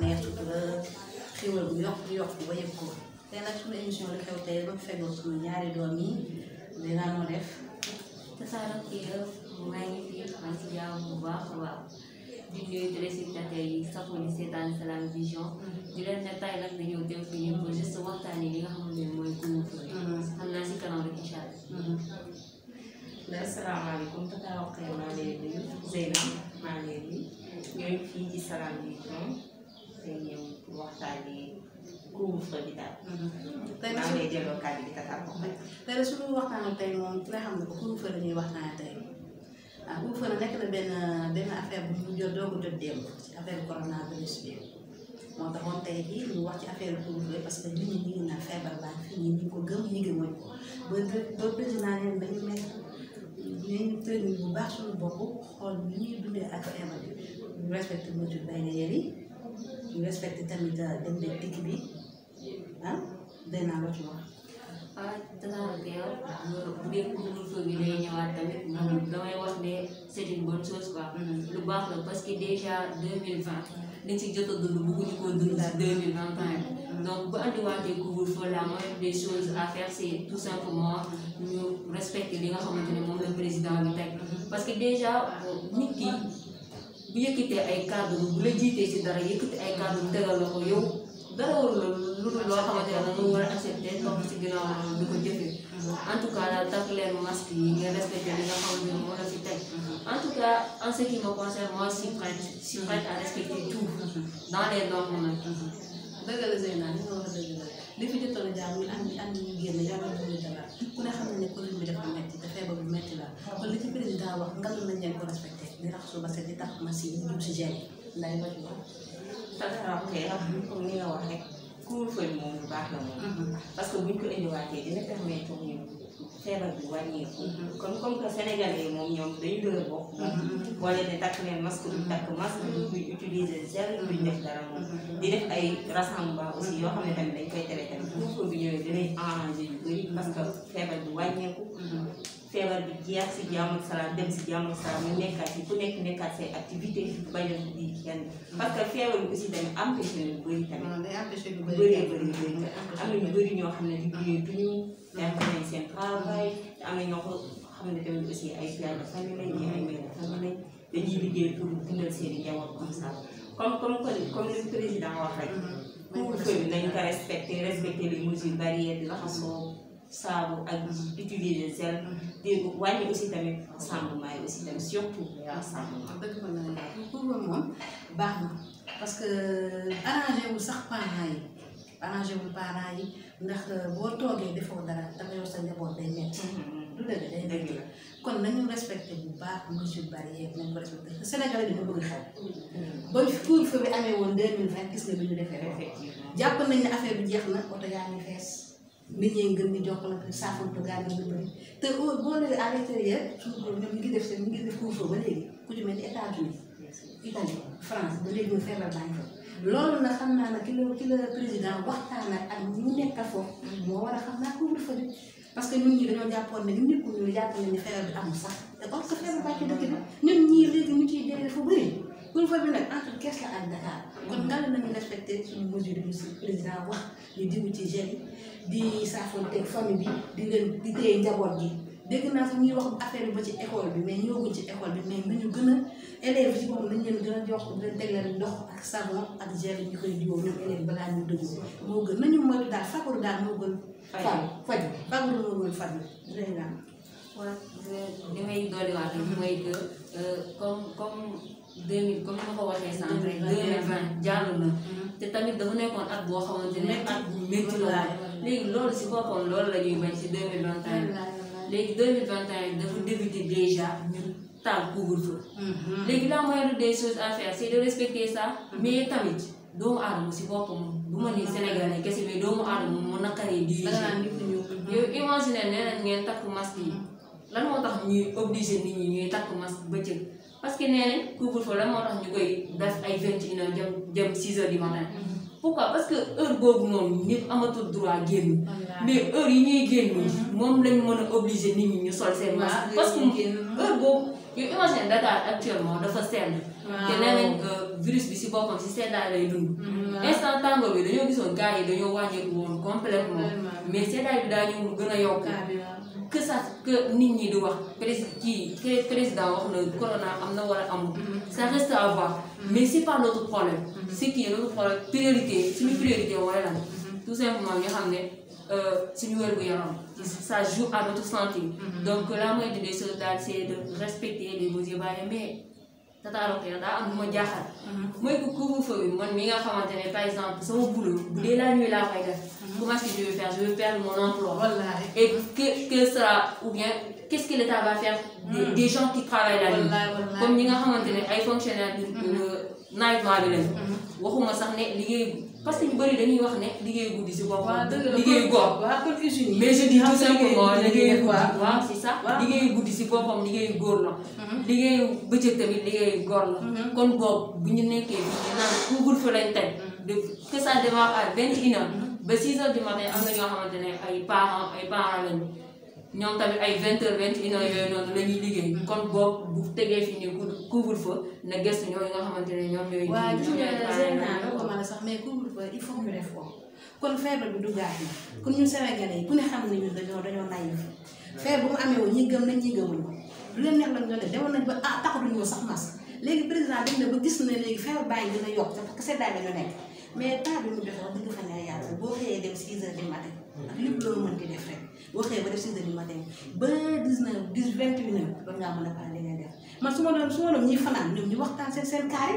neex sutura xéwal bu yokk di yokk ba yëg ko te nag suñu émission li xew tey ba mu feggoon suñu ñaari doom yi dinaa noo def te saa rek kii maa ngi fi maa ngi si jàmm bu baax a baax di nuyu téléspectateurs yi safoo di seetaan Salam Vision di leen ne tay nag dañoo dem fi ñu ko juste waxtaanee li nga xamante ne mooy couvre-feu xam naa si kanam rek incha allah asalaamaaleykum tata waxee maa ngi leen di nuyu Zeynab maa ngi leen di ñooy fii ci Salam Vision day ñëw pour bi daal. Mhm. tey maa ngi lay delloo kàddu gi tata ko. xam ne couvre-feu la ñuy waxtaanee tey ah couvre-feu la nekk na benn benn affaire bu ñu jot doo ko jot bi ñu wax ci affaire couvre-feu yi. ñu respecté tamit dem beeg dikk bi ah, ah danaa la ci wax. ah danaa la koy wax bu dee couvre-feu bi day wax ne c'est une bonne chose quoi. lu baax la parce que déjà deux mille vingt dañ si jot a dund bëgguñu koo dund si deux mille vingt et un donc bu andiwaatee couvre-feu la moindre des choses à faire c'est tout simplement ñu respecter li nga xamante ne moom la président bi parce que déjà nit bu yëkkatee ay kàddu bu la jiitee ci dara yëkkati ay kàddu tegal la ko yow dara warul lu dul loo xamante ne moom war a accepté topp bu metti la kon li ci président wax ngal nañ leen ko di raxasu ba set di tax ma si jub si jëm lay ma jubal. taxawaam kay wax ni comme ni nga wax rek couvre-feu moom bu baax la moom. parce que buñ ko indiwaatee dina ne takk leen masque yoo xam ne tamit dañ koy tere tamit. couvre-feu ñëwee dinañ arranger yu parce que feebar bi wàññeeku. feebar bi jeex si jàmm ak salaam dem si jàmm ak salaam ñu nekkaat si ku nekk nekkaat say activité bañ a di kenn parce que feebar bi aussi tamit empêché nañu bëri tamit. waaw day empêché lu bëri bëri bëri bëri am na ñu bëri ñoo xam ne liggéeyatuñu. def nañ seen travail te am na ñoo xam ne tamit aussi ay père de famille lañ ñii ay mère de famille lañ dañuy liggéey pour dundal seen i njaboot comme ça comme comme comme le président wax rek. pour que nañ ko respecté respecté les mesures barrières di raxasoo. saabu ak mhm. utiliser sel mhm. dégg wàññi aussi tamit rassemblement yi aussi tamit surtout rassemblement dëgg fa la pour moom baax na parce que euh, arrangé wu sax parents yi arrangé wu parents yi ndax euh, boo toogee defoo dara dafa yor sa njaboot day metti du mhm. dëgg day dëgg la kon nañu respecté bu baax mesure barrière nañu ko respecté Sénégal bi dañoo bëgg xew ba couvre-feu bi amee woon deux mille vingt gis nga bi ñu defee effectivement jàpp nañ ne affaire bi jeex na oto yaa ngi fees nit ñi gën di jokkalante saafara gàllankoor bi bëri te boo léegi à l'intérieur ñoom ñu ngi ba léegi ku ci mel ni États-Unis Italie France ba léegi ñu feebar baa loolu nag xam naa ne ki la ki la président waxtaan ak ñu nekkal foofu moo war a xam naa couvre-feu bi parce que ñun ñi dañoo jàppoon ne ñun ñëpp ñu nañu ne bi amul sax te comme que feebar baa ci dëkk bi ñun ñii léegi ñu ciy jëlee fu bëri. couvre-feu bi nag entre Kees la ak Dakar. kon nga nañu respecté suñu mesure bi monsieur président wax ñu diw ci jeunes di saafoanteeg famille bi di leen di téye njaboot gi. dégg naa fi ñuy wax ba ci école bi mais ñëwaguñ ci école bi mais nañu gën a élèves ci moom nañ leen gën a jox leen teg leen ndox ak savon ak gel ñu koy diwoo ñoom élèves balaa ñu dëgg moo gën nañu moytu daal fagaru daal moo gën. faj faj fagaru moo gën faj dinañ naan. waaw li may dolliwaat mooy euh, comme comme. deux mille comme nga ko waxee sànq vingt jàll na. Mm-hmm. te tamit dafa nekkoon at boo xamante ne at bu métti la léegi loolu si boppam loolu la ñuy bañ si deux mille vingt et un léegi deux mille vingt et un dafa débuté déjà ñu taal couvre mm-hmm. léegi la moindre des choses à faire c'est de respecter ça. Mm-hmm. mais tamit doomu aadama si boppam bu ma ni Sénégalais kese mais doomu aadama mu naqaree di. yow imaginer nee nañ ngeen takk masque yi lan moo tax ñuy obligé nit ñuy takk masque bëccëg. parce que nee nañ couvre-feu la moo tax ñu koy def ay vingt et une heures jëm mm-hmm. pourquoi parce que heure boobu noonu ñëpp amatul droit génn. mais heure yi ñuy génn. Mm-hmm. moom lañ mën a obligé nit ñi ñu sol seen masque. parce que heure boobu ñu imagine Dakar actuellement dafa sedd. te nee virus bi si boppam si seddaay lay dund. Mm-hmm. instant tàngoor bi dañoo gisoon gars yi dañoo wàññeeku woon complètement mais seddaay bi daa ñëw mu gën a yokk. que ça que nit ñi di wax prési ci président wax na corona am na wala amul. Mm-hmm. ça reste à voir. Mm-hmm. mais si pas notre problème. Mm-hmm. ce qui est problème priorité suñu priorité mooy lan. tout simplement ñu xam ne bi euh, wér-gu-yaram. ça joue à notre santé. donc la moindre des choses daal c'est de respecter les mesures barrières mais tataaro xëy daa am lu ma jaaxal. mooy que couvre-feu bi mi nga xamante ne par exemple sama boulot bu dee la nuit laa koy comment est-ce que je vais faire Je vais perdre mon emploi. Wallahi. Et que, que sera, ou bien, quest que l'État va faire des, mm. des, gens qui travaillent la nuit Comme nous avons des fonctionnaires de naïvement bi waxuma sax ne liggéey parce que ñu bëri dañuy wax ne liggéey guddi si boppam. waaw dëgg la liggéey góor. waaw kon usine yi. mais je dis tout la. Hmm. liggéey bëccëg tamit liggéey góor la. Hmm. kon boobu bu ñu nekkee bi ñu naan couvre-feu hmm. de que ça démarre à vingt et une ba 6 heures du matin am na ñoo xamante ne ay parents ay parents lañu ñoom tamit ay 20 heures 21 heures yooyu noonu la liggéey. kon boobu bu tegee fii nii couvre-feu na gëstu ñooñu nga xamante ne ñoom ñooy. waaw gis ko mën a sax mais kon feebar bi duggaat na kon ñun Sénégalais yi ku ne xam nañu dañoo dañoo naïf feebar bu mu amee woon gëm nañ ñi gëmuñu lu leen neex lañ doon def demoon nañ ba ah taxatuñu sax masque léegi président dañ ne ba gis na léegi feebar baa ngi a yokk parce que seddaay dañoo nekk mais temps bi mu joxe wax dëgg fa ne yàlla boo xëyee dem 6 heures du matin. ak lépp loo mën di def rek boo xëyee ba def 6 di du matin ba 19 a faral di ngay man su ma doon su ñuy fanaan ñoom ñu waxtaan seen seen kaar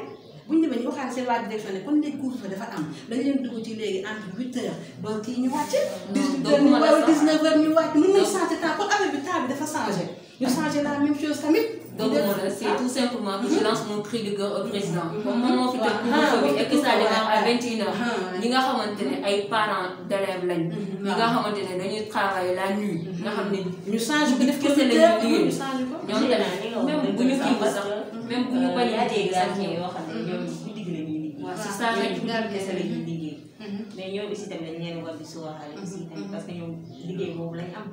bu ñu demee ñu waxtaan seen waa direction ne kon léegi couvre-feu dafa am dañu leen dugg ci léegi entre 8 heures ba kii ñu wàcc. 18 heures ñu wàcc 19 heures ñu wàcc mën nañu changé kon affaire bi temps bi dafa changé. ñu changé la même chose tamit. donc c'est ah. tout simplement que je lance mon cri de gueule au président. comme mm-hmm. moom moo fi tënk ah, couvre-feu bi et que ça démarre à 21h. Ah, ñi nga xamante ne ay parents d'élèves lañ. Mm-hmm, ñi nga xamante ne dañuy travailler la nuit. Mm-hmm. nga xam ne ñu changé ko def kese lañuy liggéey. ñoom tamit même bu ñu kii ba sax. même bu ñu euh, bañ a dégg sax ñoom. waaw c'est ça rek kese Mm-hmm. mais ñoom aussi tamit dañ leen war di sóoraale mm-hmm. aussi tamit mm-hmm. parce que ñoom liggéey boobu lañ am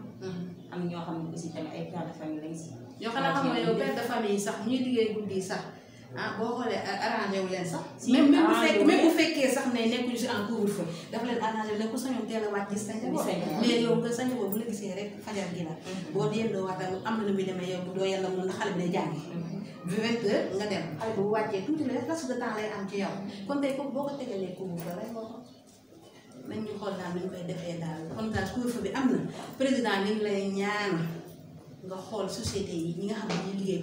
am ñoo xam ne aussi tamit ay père de famille lañ si ñoo xam ne xam nga yow père de famille sax ñuy liggéey guddi sax ah boo xoolee arrangé wu leen sax. si même bu fekkee même bu fekkee sax ne nekkuñu si en couvre-feu dafa leen arrangé leen ku sañoon teel a waat gis sañ bi sañ mais yow nga sañ boobu boo delloo waatal am na lu muy demee yow bu doo yàlla mun na xale bi day jàngi. bu vingt la rek laps de temps lay am yow kon nañ ñu xool daal nañ koy defee daal kon daal bi am na président ñu ngi lay ñaan nga xool société yi ñi nga xam ne ñuy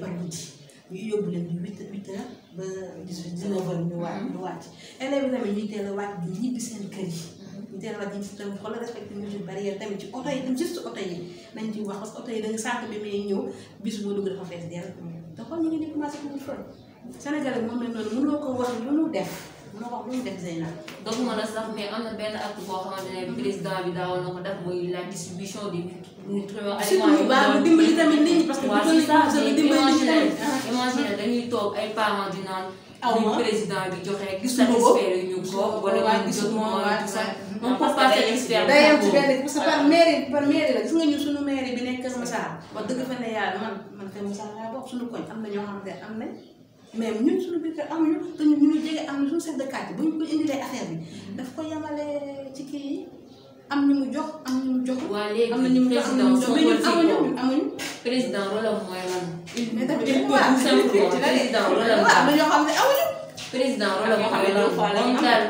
ñu yóbbu leen di huit huit heures ba dix-huit dix-neuf heures ñu wàcc ñu wàcc élèves yi tamit a wàcc di ñibbi seen kër yi ñu teel a wàcc ñibbi tamit xool respecté ci wax parce yi da nga sànq bi may ñëw bis boo dugg dafa fees dell te xool ñu ngi di commencé couvre-feu Sénégal moom lañ noonu mënoo ko wax lu mu def mun a wax lu mu def Zeyna. doog ma la sax mais am na benn acte boo xamante ne président bi daawoon na ko def mooy que. bu imagine dañuy bi joxe. gis nga ko ñu ko wala ñu jot moom moom pour passer expert day am ci benn parce que par mairie par mairie la bi nekk Kër Massar wax ne am na ñoo xamante ne am nañ mais ñun suñu biir kër amuñu te ñun ñu ngi jege am na suñu chef de quartier bu ñu ko indilee affaire bi mm-hmm. daf ko yemale ci kii yi am ñu mu jox am ñu mu jox. waaw léegi président soo ko jox amuñu amuñu. président wala mooy lan. mais tamit il faut que président wala waaw mais xam ne amuñu. président wala moo xam ne lan moom daal.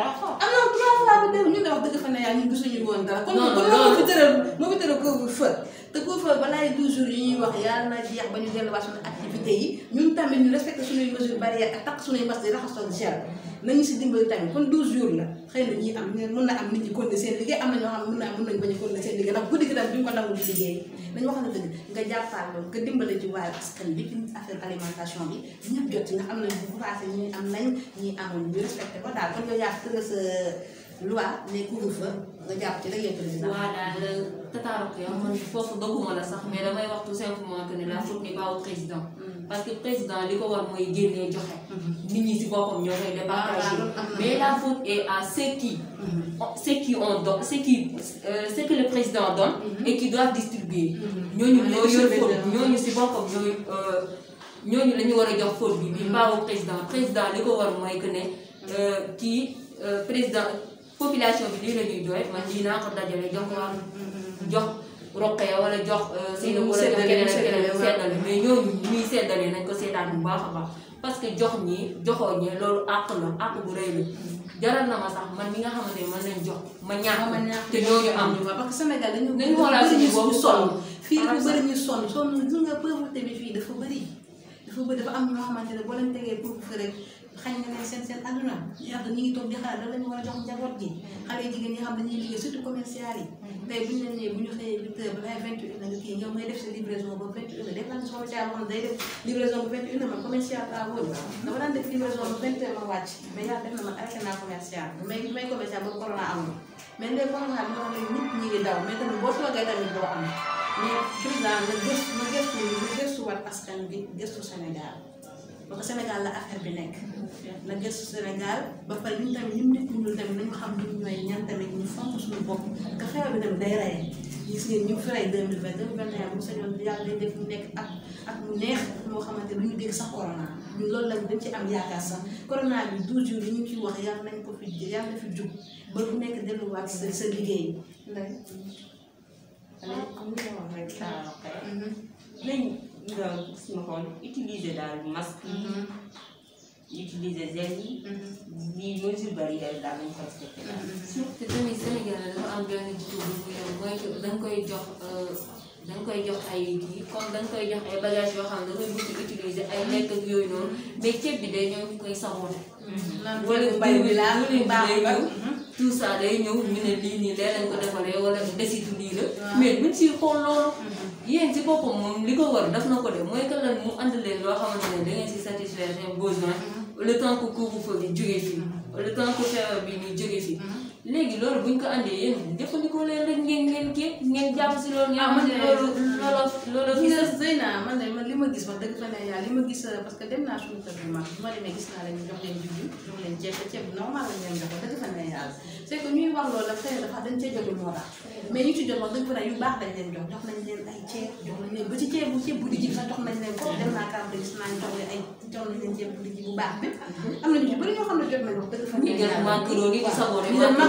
am na trois fois bi ñu ne wax dëgg fa ne yaa ñu gisuñu woon dara. kon kon loolu fi tëral moo fi tëral bu fër te kër bu fër balaay douze jours yi ñuy wax yàlla na jeex ba ñu delluwaat suñu activité yi tamit ñu respecté suñuy mesures barrières ak takk suñuy masques yi raxasoon gel nañu si dimbali tamit kon 12 jours la xëy na ñuy am mën na am nit ñi continuer seen liggéey am na ñoo xam ne mën na am mën nañu bañ a continuer seen liggéey ndax guddi gi daal duñ ko nangu di liggéey dañu wax na dëgg nga jàppaloo nga dimbale ci waaye askan bi ci affaire alimentation bi ñëpp jot ci ndax am nañ bu passé ñuy am nañ ñuy amoon ñu respecté ko daal kon yow yaa tëral sa loi ne couvre-feu nga jàpp ci rek yow président waaw daal tataarok yow man foofu dogguma la sax mais damay wax tout simplement que ne la faute n'est pas au président parce que président li ko war mooy génnee joxe. Mhm. nit ñi si boppam ñoo koy départager. Ah, mais la faute est à ceux qui. Mhm. ceux qui ont don ceux qui euh, ce que le président don mhm. et qui doivent distribuer. ñooñu ñoo yor si boppam euh, ñooñu la war a jox faute bi. bi pas au président président li ko war mooy que ne euh, kii président population bi lii la ñuy doy lii naa ko dajale jox ko jox. roqee wala jox euh, Seydou wala jox keneen ak keneen seddale mais ñooñu ñuy seddalee nañ ko seetaan bu baax a baax parce que jox ñi joxoo ñi loolu àq la àq bu rëy la jaral na ma sax man mi nga xamante ne man lañ jox ma ñaax te ñooñu am parce que Sénégal dañu dañu xoolal suñu boobu sonn fii dafa bëri ñu sonn sonn gis nga pauvreté bi fii dafa bëri dafa bëri dafa am ñoo xamante ne boo leen tegee pour rek xañ na leen seen seen àdduna ñi xam ñu ngi toog di xalaat lan la ñi xam ne ñuy liggéey surtout commercial yi tey bu ñu leen nee bu ñu xëyee huit heures balaa vingt et une nga kii yow ngay def sa livraison ba vingt et une def naa ne sama jaar moom day ma wàcc mais yàlla def na man arrêté naa commercial may may commercial ba bi moo xam ba ko Sénégal la affaire bi nekk na gëstu Sénégal ba pare ñun tamit ñun nit ñi tamit nañu xam ñun ñooy ñan tamit ñu fonk suñu bopp nga xew bi mu nekk ak ak neex moo xamante lu ñu dégg sax corona ñun loolu lañ ci am yaakaar sax bi douze jours yi ñu ciy wax yàlla nañ ko fi yàlla na fi jug ba bu nekk sa liggéey mhm. léegi nga gis nga xool utiliser daal masque yi mhm. utiliser gel yi. Mhm. lii mesure barrière daal ñu ko respecté daal. Mhm. surtout tamit Sénégal dafa am benn jiw bu muy mooy dañ koy jox euh, dañ koy jox ay kii comme dañ koy jox ay bagages yoo xam ne dafay bëgg ay lekk ak yooyu noonu mais ceeb bi day ñëw koy saboté. wala mbay mi laa mbay mi tout ça day ñëw ñu ne lii nii lee lañ ko defaree wala desitu nii. la mais buñ siy xool loolu yéen si li ko war daf na ko def mooy que lan mu ànd leen loo xamante ne da ngeen si satisfaire seen besoin le temps que couvre-feu bi jógee fii le temps que feebar ñu jógee fii léegi loolu buñ ko andee yéen jëfandikoo leen rek ngeen ngeen kii ngeen jàpp si loolu. ah man de loolu loolu gis naa man de man li ma gis wax dëgg fa ne yàlla li ma gis parce que dem naa suñu kër bu mag bi ma demee gis naa leen jox leen jiwu jox leen ceeb te ceeb normal lañ leen jox wax dëgg fa ne yàlla c'est que ñuy wax loolu la xëy na dafa dañ cee jotul moo tax mais ñu ci jot wax dëgg fa ne yu baax dañ leen jox jox nañ leen ay ceeb jox nañ leen ba ci ceeb bu ceeb bu dijji sax jox nañ leen ko mm-hmm. dem naa kàddu gis naa ñu jox leen ay jox nañ leen ceeb bu dijji bu baax même mm-hmm. am na ñu ci bëri ñoo xam ne jot nañ wax dëgg fa ne yàlla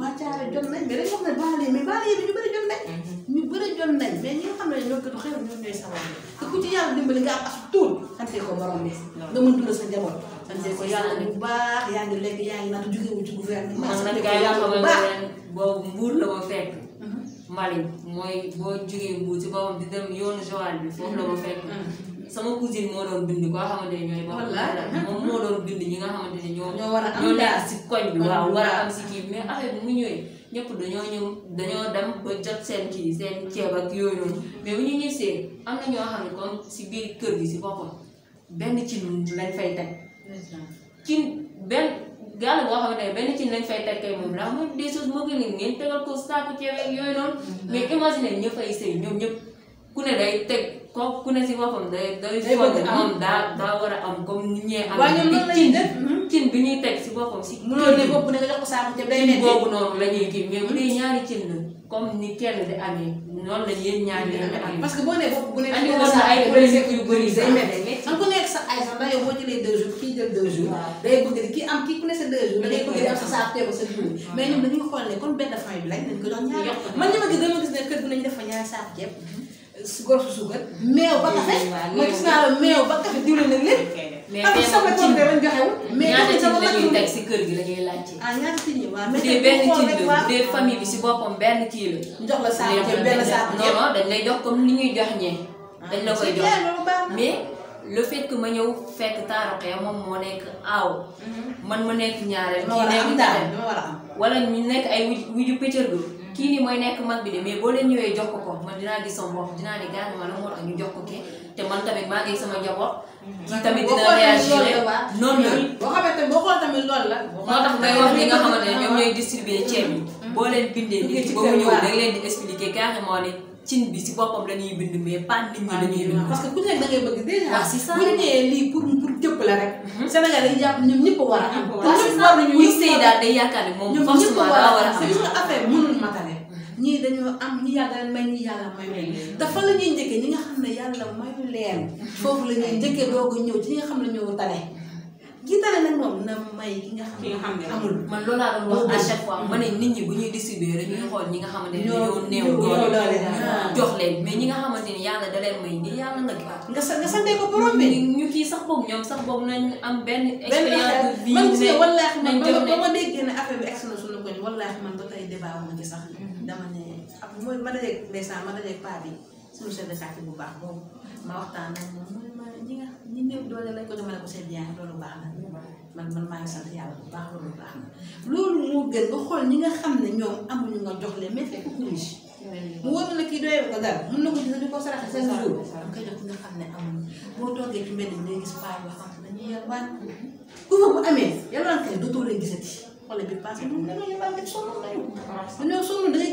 waa Thiaré jot nañ mais dañoo xam ne banlieue mais banlieue bi ñu bëri jot nañ. Mhm. ñu bëri jot nañ mais ñi nga xam ne ñoo gën a xew ñoom ñooy sawar te ci yàlla dimbali nga am as tuut santee ko borom bi. nga mën dundal sa njaboot. santee ko yàlla bu baax yaa ngi lekk yaa ngi naan jóge wu ci gouvernement. man nag gaa yàlla ba leen boobu mbuur la ma fekk. Mhm. Mali mooy boo jógee ci boppam di dem yoonu Joal bi foofu la ma fekk. Mhm. sama cousine moo doon bind koo xamante ne ñooy. moo doon bind ñi nga xamante ne ñoo. ñoo war a am ñoo nekk si bi waaw war a am si kii mais affaire bi mu ñëwee ñëpp dañoo ñëw dañoo dem ba jot seen ci seen ceeb ak yooyu noonu mais bu ñu ñibbisee am na ñoo xam ne si biir kër gi si boppam benn cin lañ fay teg. cin benn gàll boo xamante ne benn cin lañ fay teg kay moom la mooy des choses moo gën a ngeen tegal ko saako ceeb ak yooyu noonu. Mm-hmm. mais imaginer ña fay sëy ñoom ñëpp ku kooku ku ne si boppam day day. day bëgg a moom daa daa war a am comme ni ñee am. waaye ñoom noonu la ñuy def cin bi ñuy teg si boppam si. mënoo ne bopp ne nga jox ko saako ceeb day métti boobu noonu la ñuy kii mais bu dee ñaari cin la comme ni kenn di amee noonu la yéen ñaari yéen a amee. parce que boo nee bopp bu ne. andi woon na ay bëri yu bëri day métti. xam ku nekk sa ay sax ndax yow boo jëlee deux jours kii jël deux jours. day bëgg kii am kii ku ne sa deux jours. da ngay bëgg am sa saako ceeb sa dugub. mais ñoom dañuy xool ne comme benn famille bi lañ dañ ko jox ñaar. man ñi ma gis dama gis ne kër bu nañ def fa ñaari saako ceeb gor fu suukar. meew ba kafe ma gis naa la meew ba kafe diwle na lépp. mais tey sama cin bi ñaata cin la ñuy teg si kër gi la ñuy laajte. ah ñaata cin waaw mais tey benn cin la de famille bi si boppam benn kii la. ñu jox la saako ceeb benn saako ceeb non non dañ lay jox comme ni ñuy jox ñee. Ah, dañ la koy jox mais le fait que ma ñëw fekk taaraq ya moom moo nekk aaw. Mm-hmm. man ma nekk ñaareel. kii nekk ñaareel wala ñu nekk ay wuju wuju pëccër kii nii mooy nekk mag bi de mais boo leen ñëwee jox ko ko man dinaa di sama bopp dinaa ne gànn ma la moo tax jox ko kii te man tamit maa ngi sama njaboot. kii mm-hmm. tamit dina réagir noonu la. Mm-hmm. boo xamante boo la. moo tax ngay wax li nga xamante ne ñoom ñooy distribuer ceeb mm-hmm. boo leen bindee nit ba mu ñëw da leen di expliquer carrément ne. cin bi si boppam la ñuy bind mais pas nit ñi la ñuy bind. parce que ku nekk da ngay bëgg déjà. waaw si saa bu ñu nee lii pour pour jëpp la rek. Mm-hmm. Sénégal dañuy jàpp ñoom ñëpp a war a am. ñëpp war nañu ñëpp sëy daal day yaakaar ne moom forcément daa war a am. ñëpp affaire mënul matale. Mm-hmm. ñii dañoo am ñi yàlla may ñi yàlla may may dafa mm-hmm. la ñuy njëkkee ñi nga xam ne yàlla mayu leen. foofu la ñuy njëkkee doog a ñëw ci ñi nga xam ne ñoo tane. ki tane nag moom na may ki nga xam ne xam ne amul man loolu laa doon wax à chaque fois nit ñi bu ñuy distribuer dañuy hmm. xool ñi nga xamante ne ñoo néew doole hmm. jox ñi nga xamante ni yàlla da leen may nii yàlla nga jox nga nga bi ñu kii sax boobu ñoom sax boobu nañ am benn expérience bi man gis nga wallaahi man ba ma déggee ne affaire bi man ma ci hmm. ne ak ma dajee ndeysaan ma bi suñu chef de bu baax boobu ma waxtaan nag moom néew doole lañ ko jox a ne ko seen yaay loolu baax na man man maa yàlla baax loolu baax na loolu moo gën nga xool ñi nga xam ne ñoom amuñu nga jox leen mais fekk ku riche mu wóor la kii doyee ko dara mën na ko gis di ko saraxe seen jour xam ne amuñu boo toogee ci mbedd bi ngay gis paa yoo xam ne dañuy yalwaan ku fa bu amee yalwaan kay dootoo leen da ngay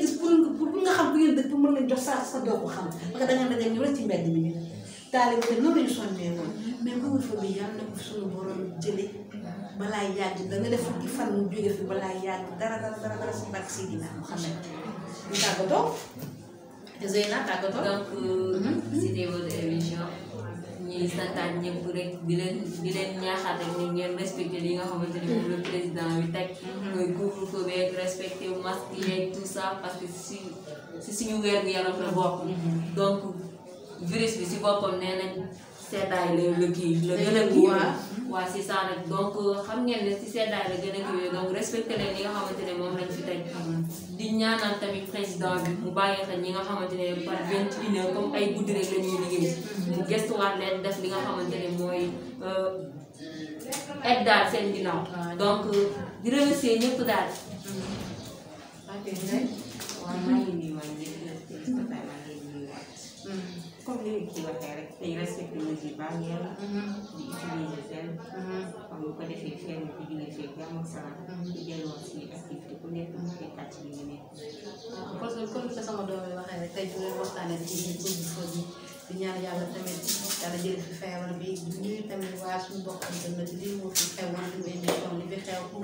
gis pour pour nga xam ku ngeen dëkk mën leen jox sa sa doo ko xam parce que da nga ñu rek ci mbedd bi ñu taali te noonu lañu sonnee woon mais couvre-feu bi yàlla na ko suñu borom jëlee balaa yàgg da def fukki fan mu jóge fi balaa yàgg dara dara dara dara si barke si xam ne ñu tàggatoo. désolé naa tàggatoo. donc euh, mhm. c'était votre émission. ñuy rek di leen di leen ñaaxaat rek ñu ngeen respecté li nga xamante ni moom le président bi teg. Mhm. mooy couvre-feu beeg respecté masque yeeg tout ça parce que si si suñu weer gu yaram la bokk. Mhm. donc virus bi si boppam nee seddaay lay la kii la gën a kii waa mm-hmm. waa c'est donc xam ngeen ne ci seddaay la gën a kii donc respecté leen li nga xamante ne moom lañ fi teg di ñaanal tamit président bi mu bàyyi xel ñi nga xamante ne par vingt une comme ay guddi rek la liggéey mu gëstuwaat leen def li nga xamante ne mooy euh, aide daal seen ginnaaw donc di remercier ñëpp daal comme li ñu ciy waxee rek dañ respecté mesures yi baax ñu di que comme que sama doom fi xew pour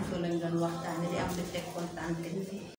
que lañ doon waxtaanee di am di teg kontaan